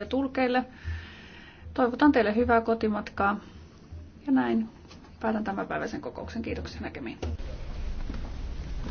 ja tulkeille. Toivotan teille hyvää kotimatkaa ja näin päätän tämän kokouksen. Kiitoksia näkemiin.